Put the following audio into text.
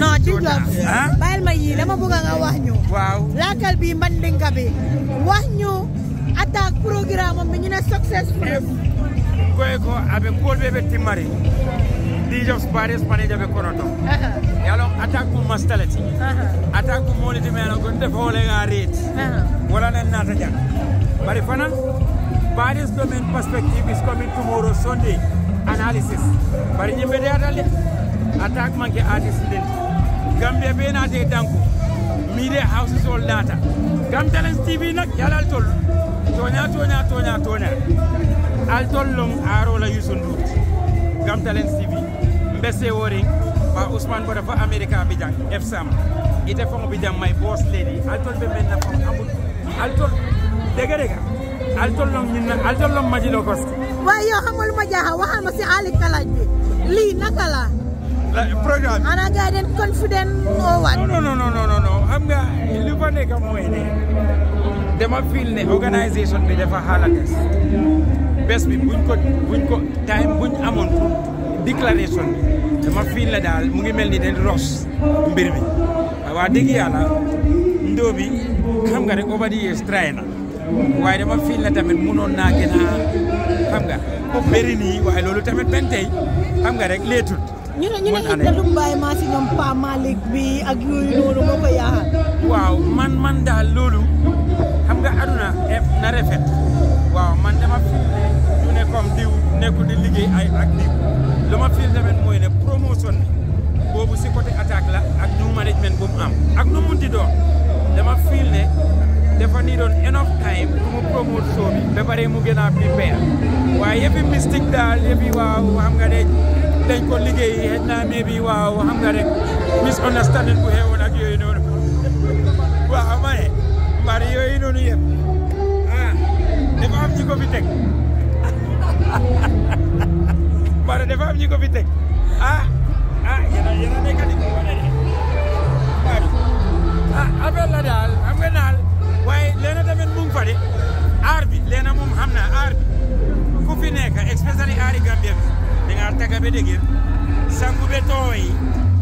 non ci jot bàyyil ma yii dama bëgg nga wax ñu laakal bi bi wax ñu attaque programme am bi ñu ne successful ko aɓe golɓe ɓe timmari dijos paris paneja ɓe konoto uh-huh. yalon attaque pour mastalati uh-huh. attaque pour molidi meno gon defa wolega reet uh-huh. wala nen nata jang bari fanan paris commune perspective is commune tomorrow sunday analysis bari ñimɓe de atale tak manke artist nden gambia ɓe naate danko miide hawsisol naata gam talens tv nak yalal tol toña toña toña toña al tol lom arola yusu ndur gam talens tv mbese woring ba ousmane bota fa america bidjan fsam ite may boss lady al tol ɓe men na fon amul al tol dega dega al tol lom ñinna al tol lom majilo kosti way yo xamul ma jaaxa waxama si ali kalaj bi li nakala programme bi. ana gars yi dañ confident oo waat. non non non non non xam nga li fa nekk mooy ne dama feel ne organisation bi dafa xaala des bés bi buñ ko buñ ko time buñ amoon pour déclaration bi la daal mu ngi mel ni dañ ros mbir mi waa dégg yàlla ndóo bi xam nga rek over the years na waaye dama fiil na tamit mënoon naa gën a xam nga bëri nii waaye loolu tamit benn tey xam nga rek leetut ñu ne ñu ne dalu mbaay maa si ñoom Pa Malick bi ak yooyu loolu moo ko yaaxal. waaw man man daal loolu xam nga aduna na rafet waaw man dama fil ne ñu ne comme diw nekku di liggéey ay ak diw lu ma fil tamit mooy ne promotion bi boobu si côté attaque la ak ñu management bu mu am ak nu mu munti doon dama fil ne dafa nii doon enough time pour mu promote show bi ba pare mu gën a prepare waaye yëpp mystique daal yëpp waaw xam nga de. dañ ko liggéey xëy na mais bi waaw xam nga rek bu xewoon ak yooyu noonu waaw ma ne yooyu noonu yëpp ah dafa am ko fi teg mbar dafa am ko fi teg ah ah yéen a yéen a nekk ah, aar bi leena moom xam naa aar bi ku fi nekk especially aari Gambia bi dengan tega bedegir sangu beton yi